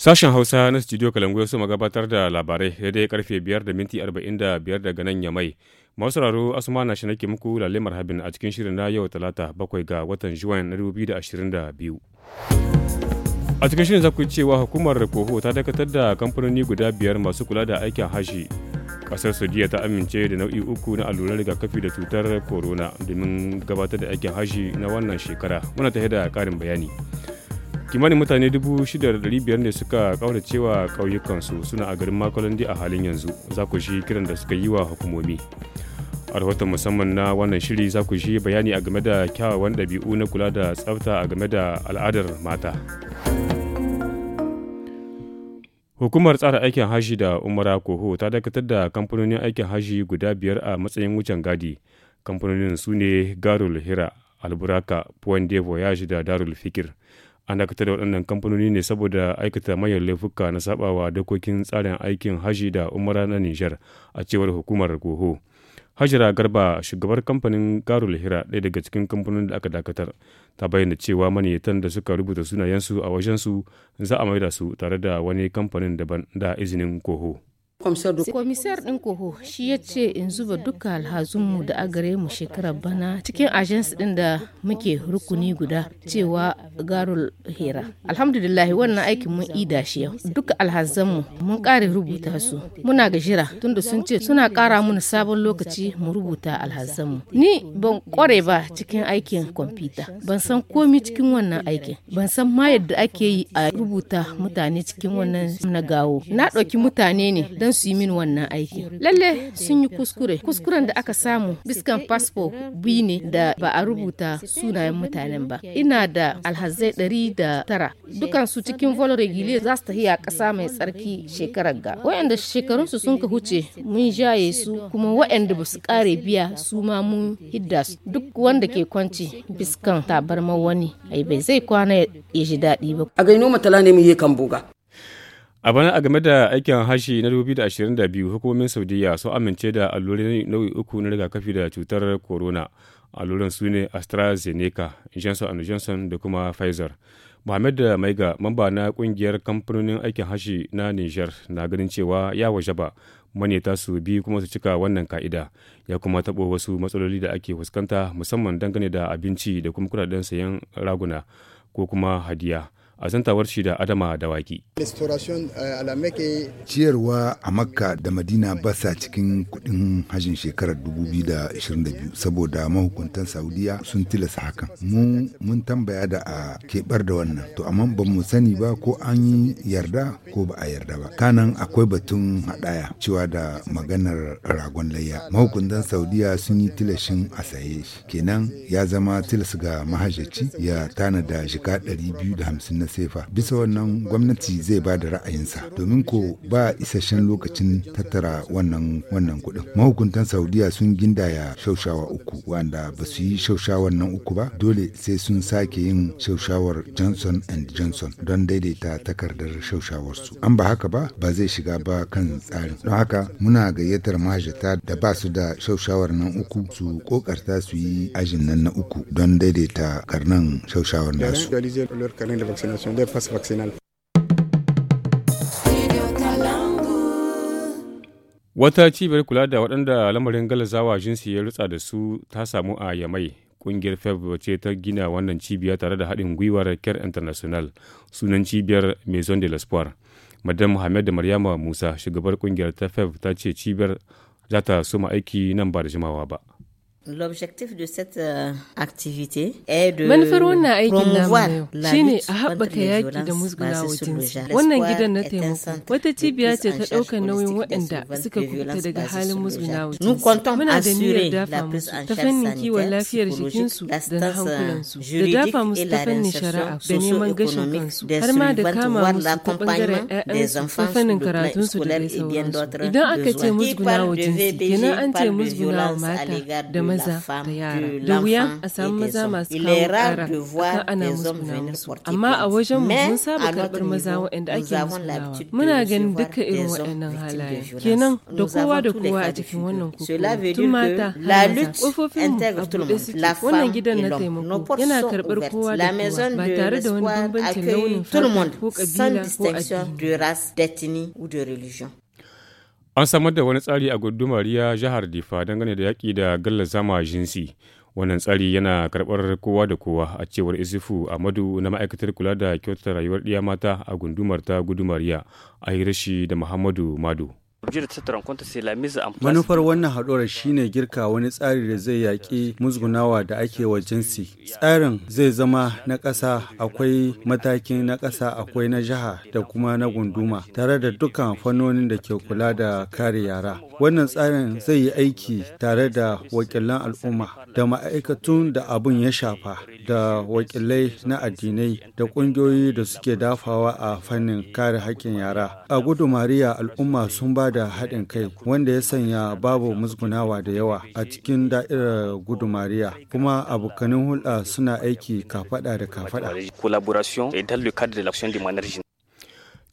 Sashen Hausa na Studio ya su gabatar da labarai daidai karfe 5 da minti 45 daga nan yamai. Masu sauraro Asuma na shi muku lalimar marhabin a cikin shirin na yau talata bakwai ga watan Juwan na 2022. A cikin shirin zaku cewa hukumar Koho ta dakatar da kamfanoni guda biyar masu kula da aikin hashi. Kasar Saudiya ta amince da nau'i uku na allurar rigakafi da cutar corona domin gabatar da aikin hashi na wannan shekara. Muna ta da karin bayani. kimanin mutane 6,500 ne suka kaura cewa ƙauyukansu suna a garin makolandi a halin yanzu za ku shi kiran da suka yi wa hukumomi a rahoton musamman na wannan shiri za ku shi bayani a game da kyawawan ɗabi'u na kula da tsafta a game da al'adar mata hukumar tsara aikin hashi da umara koho ta dakatar da kamfanonin aikin hashi guda biyar a matsayin wucin gadi kamfanonin su ne garul hira alburaka point de voyage da darul fikir an dakatar da waɗannan kamfanoni ne saboda aikata manyan laifuka na sabawa dokokin tsarin aikin haji da umara na nijar a cewar hukumar goho hajira garba shugabar kamfanin garul hira ɗaya daga cikin kamfanonin da aka dakatar ta bayyana cewa maniyyatan da suka rubuta sunayensu a wajensu za a maida su tare da wani kamfanin daban da izinin koho. Komisar ɗin koho shi ya ce in zuba duka alhazunmu da agare mu shekarar bana cikin ajens ɗin da muke rukuni guda cewa garul hera. Alhamdulillahi wannan aikin mun ida shi yau. Duka alhazanmu mun kare rubuta su. Muna gajira tunda sun ce suna kara mana sabon lokaci mu rubuta alhazanmu. Ni ban ƙware ba cikin aikin kwamfuta. Ban san komi cikin wannan aikin. Ban san ma yadda ake yi a rubuta mutane cikin wannan na gawo. Na ɗauki mutane ne don don su yi min wannan aiki lalle sun yi kuskure kuskuren da aka samu biskan fasfo bi ne da ba a rubuta sunayen mutanen ba ina da alhazai ɗari da tara su cikin volo regile za su tafiya a ƙasa mai tsarki shekarar ga wayanda shekarunsu sun ka huce mun jaye su kuma wayanda ba su ƙare biya su ma mun hidda su duk wanda ke kwanci biskan tabarma wani ai bai zai kwana ya ji daɗi ba a gaino matala ne mu yi kan buga A bana a game da aikin hashi na 2022 hukumomin Saudiya sun amince da allurai nau'i uku na rigakafi da cutar corona. Alluran su ne AstraZeneca, Johnson Johnson da kuma Pfizer. Mohamed da Maiga, mamba na kungiyar kamfanonin aikin hashi na Niger na ganin cewa ya waje ba maneta su bi kuma su cika wannan ka'ida ya kuma tabo wasu matsaloli da ake fuskanta musamman dangane da abinci da kuma kudaden sayan raguna ko kuma hadiya. a zantawar shi da Adama Dawaki. Eh, Ciyarwa a Makka da Madina ba sa cikin kudin hajjin shekarar 2022 saboda mahukuntan Saudiya sun tilasta hakan. mun tambaya da a keɓar da wannan, to amma ba mu sani ba ko an yi yarda ko ba a yarda ba. Kanan akwai batun hadaya cewa da maganar ragon layya. Mahukuntan Saudiya sun yi tilashin a saye shi. Kenan ya zama tilas ga mahajjaci ya tana da jika 250 na sefa bisa wannan gwamnati zai ba da ra'ayinsa domin ko ba isasshen lokacin tattara wannan wannan kuɗin mahukuntan saudiya sun gindaya shaushawa uku wanda ba su yi shaushawar nan uku ba dole sai sun sake yin shaushawar johnson and johnson don daidaita takardar shaushawarsu an ba haka ba ba zai shiga ba kan tsarin don haka muna gayyatar mahajata da ba su da shaushawar nan uku su kokarta su yi ajin nan na uku don daidaita karnan shaushawar nasu vaccination, des passes vaccinales. Wata cibiyar kula da waɗanda lamarin galazawa jinsi ya rutsa da su ta samu a Yamai. Ƙungiyar FEB ce ta gina wannan cibiya tare da haɗin gwiwar Care International sunan cibiyar Maison de l'Espoir. Madam Muhammad da Maryama Musa, shugabar ƙungiyar ta FEB ta ce cibiyar za ta suma aiki nan ba da jimawa ba. L'objectif de cette euh, activité est de promouvoir la aikin contre shine a haɓaka yaki da genre. jinsi wannan gidan na taimako wata cibiya ce ta ɗaukar nauyin waɗanda suka kubuta daga halin musgunawa jinsi muna da niyar dafa musu ta fannin kiwon lafiyar jikinsu da la hankulansu da dafa musu ta fannin shari'a da neman gashin kansu har ma da kama musu ta ɓangaren ƴaƴansu ta fannin karatunsu da dai sauransu idan mata maza da yara da wuya a samu maza masu kawo kara kan ana musguna amma a wajen mu mun saba karɓar maza waɗanda ake musgunawa muna ganin duka irin waɗannan halaye kenan da kowa da kowa a cikin wannan kokowa tun mata har maza ƙofofin a buɗe suke wannan gidan na taimako yana karɓar kowa da kowa ba tare da wani bambancin launin fata ko ƙabila ko addini. An samar da wani tsari a gundumar ya jihar Difa dangane da yaƙi da gallazama jinsi. Wannan tsari yana karɓar kowa da kowa a cewar Isufu Amadu na ma'aikatar kula da kyautata rayuwar ɗiya mata a gundumar ta gudumar ya a Hirashi da Muhammadu Madu. Manufar wannan haɗuwar shine girka wani tsari da zai yaƙi musgunawa da ake wa jinsi. Tsarin zai zama na ƙasa akwai matakin na ƙasa akwai na jiha da kuma na gunduma tare da dukkan fannonin da ke kula da kare yara. Wannan tsarin zai yi aiki tare da wakilan al'umma da ma'aikatun da abin ya shafa da wakilai na addinai da ƙungiyoyi da suke dafawa a fannin kare haƙƙin yara. A gudu Mariya al'umma sun ba da haɗin kai wanda ya sanya babu musgunawa da yawa a cikin da'irar gudumariya kuma abokanin hulɗa suna aiki kafaɗa da kafaɗa.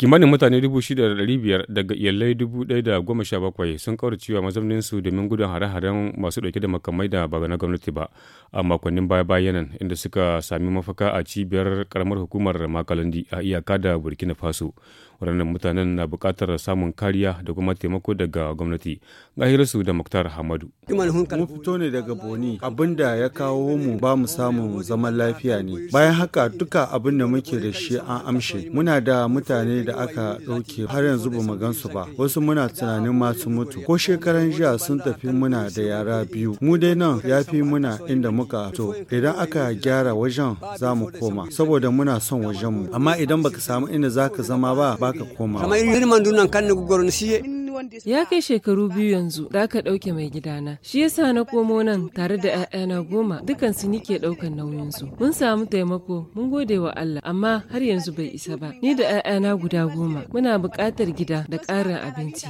kimanin mutane 6,500 daga iyalai 1,017 sun kauracewa mazauninsu domin gudun hare-haren masu dauke da makamai da ba na gwamnati ba a makonnin baya-bayan nan inda suka sami mafaka a cibiyar karamar hukumar makalandi a iyaka da burkina faso waɗannan mutanen na buƙatar samun kariya da kuma taimako daga gwamnati gahirarsu da muktar hamadu mun fito ne daga boni abin da ya kawo mu ba mu samun zaman lafiya ne bayan haka duka abin da muke da shi an amshe muna da mutane da aka ɗauke har yanzu ba mu gansu ba wasu muna tunanin masu mutu ko shekaran jiya sun tafi muna da yara biyu mu dai nan ya fi muna inda muka to idan aka gyara wajen za mu koma saboda muna son wajen mu amma idan baka samu inda zaka zama ba ya kai shekaru biyu yanzu da aka ɗauke mai gidana shi yasa na komo nan tare da 'ya'yana goma dukan su nike ɗaukan nauyinsu mun samu taimako mun gode wa Allah amma har yanzu bai isa ba ni da 'ya'yana guda goma muna buƙatar gida da ƙarin abinci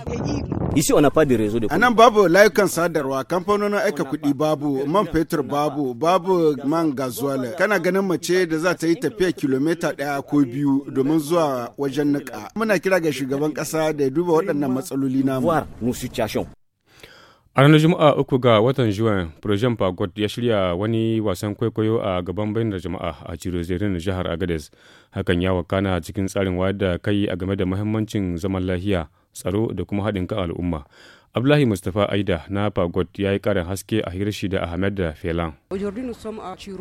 isi on rezo de Anan babu layukan sadarwa, kamfanonin aika kuɗi babu, man fetur babu, babu man gazuwale Kana ganin mace da za ta yi tafiya kilomita ɗaya ko biyu domin zuwa wajen niƙa. Muna kira ga shugaban ƙasa da ya duba waɗannan matsaloli namu. A ranar Juma'a uku ga watan juan Projen Fagot ya shirya wani wasan kwaikwayo a gaban bayanar jama'a a Cirozerin jihar Agadez. Hakan ya wakana cikin tsarin wayar da kai a game da muhimmancin zaman lafiya. tsaro da kuma haɗin kan al'umma Abdullahi Mustapha Aida na Fagot ya yi karin haske a hirshi da Ahmed da Felan.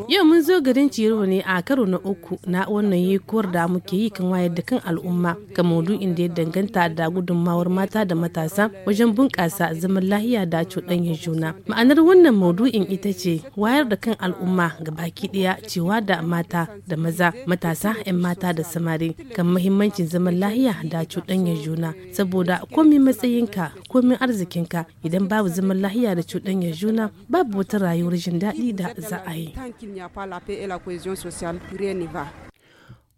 Yau mun zo garin Ciro ne a karo na uku na wannan yekuwar da muke yi kan wayar da kan al'umma ga maudu'in da ya danganta da gudunmawar mata da matasa wajen bunƙasa zaman lahiya da cuɗanyar juna. Ma'anar wannan maudu'in ita ce wayar da kan al'umma ga baki ɗaya cewa da mata da maza matasa 'yan mata da samari kan mahimmancin zaman lahiya da cuɗanyar juna saboda komi matsayinka komin arziki arzikinka idan babu zaman lahiya da cuɗanyar juna babu wata rayuwar jin daɗi da za a yi.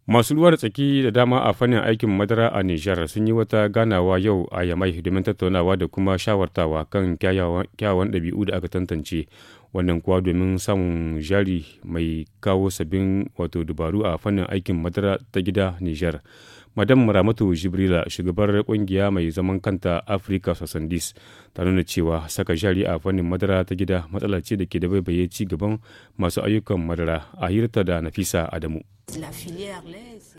Masu ruwa da tsaki da dama a fannin aikin madara a Nijar sun yi wata ganawa yau a Yamai domin tattaunawa da kuma shawartawa kan kyawawan ɗabi'u da aka tantance. Wannan kuwa domin samun jari mai kawo sabbin wato dubaru a fannin aikin madara ta gida Nijar. madam ramatu jibrila shugabar kungiya mai zaman kanta afirka sosandis ta nuna cewa saka jari a fannin madara ta gida matsala ce da ke da baibaye ci gaban masu ayyukan madara a hirta da nafisa adamu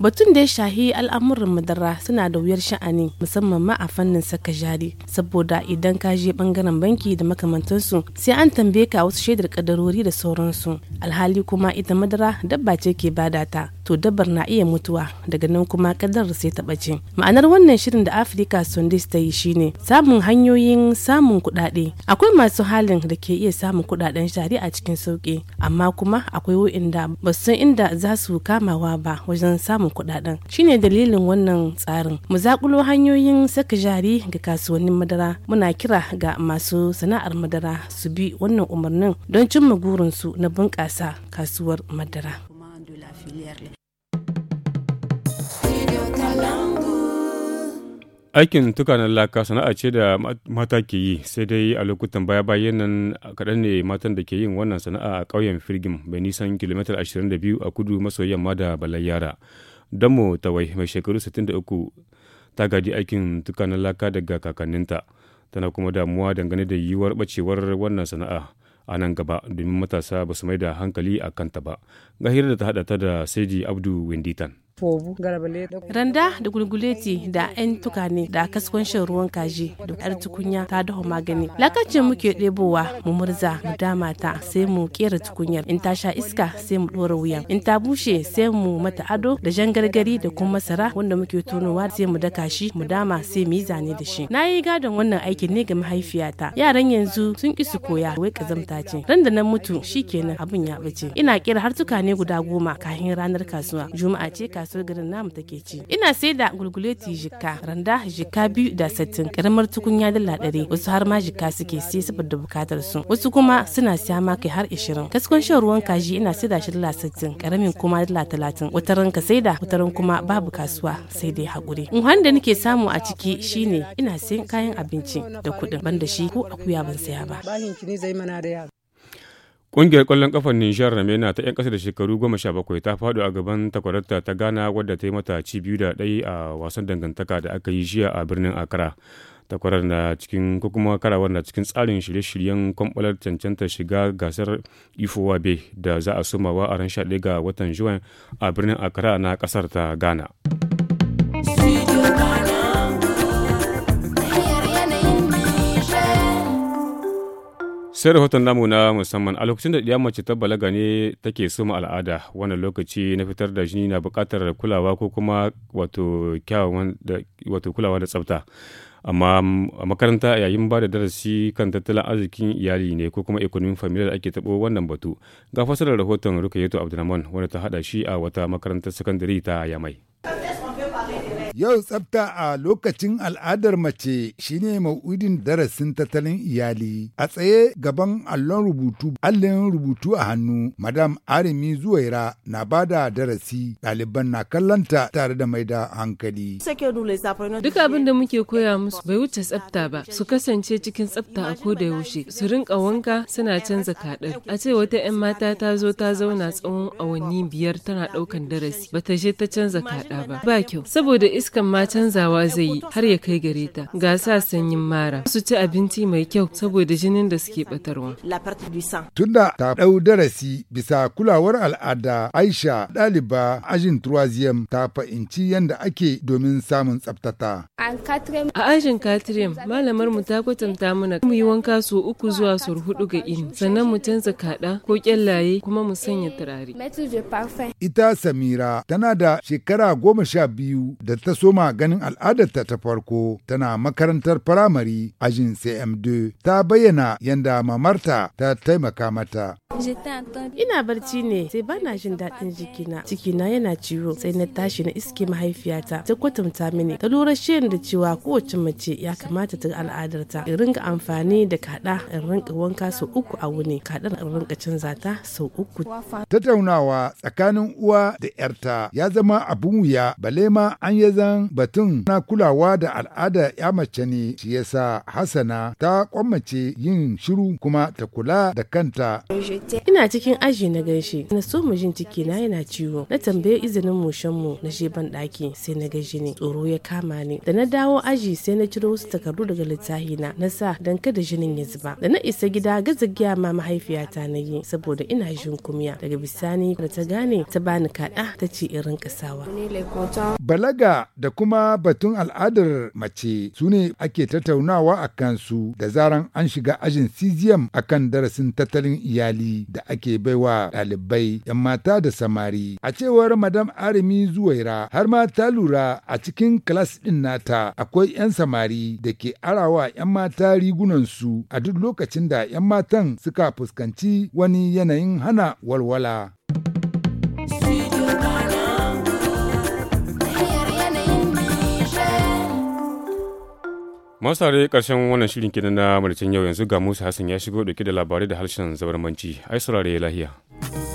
Batun da ya shahi al'amuran madara suna da wuyar sha'ani musamman ma a fannin saka jari saboda idan ka je bangaren banki da makamantansu sai an tambaye ka wasu shaidar kadarori da sauransu alhali kuma ita madara dabba ce ke bada ta to dabbar na iya mutuwa daga nan kuma kadar sai ta bace. ma'anar wannan shirin da afirka sundays ta yi shine samun hanyoyin samun kuɗaɗe akwai masu halin da ke iya samun kuɗaɗen shari a cikin sauki amma kuma akwai wa'inda ba san inda za su kamawa ba wajen samun kuɗaɗen shine dalilin wannan tsarin mu zakulo hanyoyin saka jari ga kasuwannin madara muna kira ga masu sana'ar madara su bi wannan umarnin don cimma gurinsu na bunƙasa kasuwar madara aikin tukanan laka sana'a ce da mata ke yi sai dai a lokutan baya bayan nan kaɗan ne matan da ke yin wannan sana'a a ƙauyen firgim mai nisan kilomita 22 a kudu maso yamma da balayyara damo tawai mai shekaru 63 ta gadi aikin tukanan laka daga kakanninta tana kuma damuwa dangane da yiwuwar ɓacewar wannan sana'a a nan gaba domin matasa ba su mai da hankali a kanta ba. ga hira da ta hada ta da Saidi Abdu Winditan. Randa da gulguleti da 'yan tukane da kaskon shan ruwan kaji da yar tukunya ta daho magani. Lakacin muke ɗebowa mu murza mu dama ta sai mu kera tukunyar in ta sha iska sai mu ɗora wuyan in ta bushe sai mu mata ado da jan gargari da kuma masara wanda muke tonowa sai mu daka shi mu dama sai mu yi zane da shi. Na yi gadon wannan aikin ne ga mahaifiyata. Yaran yanzu sun ki su koya wai kazamta ce. Randa na nan mutu shikenan abin ya bace. Ina kera har tukane guda goma kafin ranar kasuwa. Juma'a ce ka kasuwar garin namu take ci ina sai da gulguleti jika randa jika biyu da sattin karamar tukunya dala ɗari wasu har ma jika suke sai saboda bukatar su wasu kuma suna siya ma kai har ishirin kaskon shan ruwan kaji ina sai da shi dala sattin karamin kuma dala talatin wutar ranka sai da kuma babu kasuwa sai dai hakuri in da nake samu a ciki shine ina sayan kayan abinci da kuɗin banda shi ko akuya ban saya ba. zai mana Ƙungiyar ƙwallon ƙafar Nijar Mena ta 'yan ƙasa da shekaru goma sha bakwai ta faɗo a gaban takwararta ta Ghana wadda ta yi mata ci biyu da ɗaya a wasan dangantaka da aka yi jiya a birnin Accra. Takwarar na cikin ko kuma karawar na cikin tsarin shirye-shiryen kwamɓalar cancanta shiga gasar Ifowa Bay da za a sumawa a ran ga watan Juwan a birnin Accra na ƙasar ta Ghana. sai rahoton namu na musamman a lokacin da ɗiya mace ta balaga ne take suma al'ada wannan lokaci na fitar da jini na buƙatar kulawa ko kuma wato kulawa da tsafta amma a makaranta yayin ba da darasi kan tattalin arzikin iyali ne ko kuma ikonomin familiyar da ake taɓo wannan batu ga fasarar rahoton rukayeto abdulrahman wanda ta haɗa shi a wata makarantar sakandare ta yamai Yau tsafta a lokacin al'adar mace shine mau'udin darasin tattalin iyali. A tsaye gaban allon rubutu, allon rubutu a hannu, Madam Arimi Zuwaira na ba da darasi, ɗaliban na kallanta tare da mai da hankali. Duk abin da muke koya musu bai wuce tsafta ba, su kasance cikin tsafta a koda yaushe, su rinka wanka suna canza kaɗar. A ce wata 'yan mata ta zo ta zauna tsawon awanni biyar tana ɗaukan darasi, bata je ta canza kaɗa ba. Ba kyau, saboda iskan ma canzawa zai yi har ya kai gare ta ga sa sanyin mara su ci abinci mai kyau saboda jinin da suke batarwa tunda ta ɗau darasi bisa kulawar al'ada aisha ɗaliba ajin turwaziyam ta fahimci yadda ake domin samun tsaftata a ajin katrim malamar mu ta kwatanta mana mu yi wanka sau uku zuwa sau hudu ga ini sannan mu canza kaɗa ko kyallaye kuma mu sanya turare ita samira tana da shekara goma sha biyu da ta ta soma ganin al'adarta ta farko tana makarantar firamare ajin CM2 ta bayyana yadda mamarta ta taimaka mata. Ina barci ne sai ba na jin daɗin jikina. Cikina yana ciwo sai na tashi na iske mahaifiyata ta kwatanta mini ta lura shirin da cewa kowace mace ya kamata ta al'adarta. In ringa amfani da kaɗa in ringa wanka sau uku a wuni kaɗan in ringa canza ta sau uku. Tattaunawa tsakanin uwa da 'yarta ya zama abun wuya balema an yi zan batun na kulawa da al'ada ya mace ne shi yasa hasana ta kwamace yin shiru kuma ta kula da kanta. Ina cikin aji na gaishe, na so mu jin ciki na yana ciwo, na tambaye izinin mushen mu na je ban sai na gaishe ne, tsoro ya kama ni. Da na dawo aji sai na ciro wasu takardu daga littafi na, na sa dan kada jinin ya zuba. Da na isa gida gaza giya ma mahaifiyata na yi saboda ina jin kumya. Daga bisani da ta gane ta bani kaɗa ta ce irin kasawa. Balaga da kuma batun al'adar mace su ne ake tattaunawa a kansu da zaran an shiga ajin cesium a kan darasin tattalin iyali da ake baiwa ɗalibai 'yan mata da samari. A cewar Madam Arimi Zuwaira har ma ta lura a cikin kilas ɗin nata akwai 'yan samari da ke arawa 'yan mata rigunansu a duk lokacin da 'yan matan suka fuskanci wani yanayin hana walwala. Masu karshen wannan shirin kenan na maricin yau yanzu ga Musa Hassan ya shigo dauke da labarai da harshen zabarmanci. Ai saurare lahiya.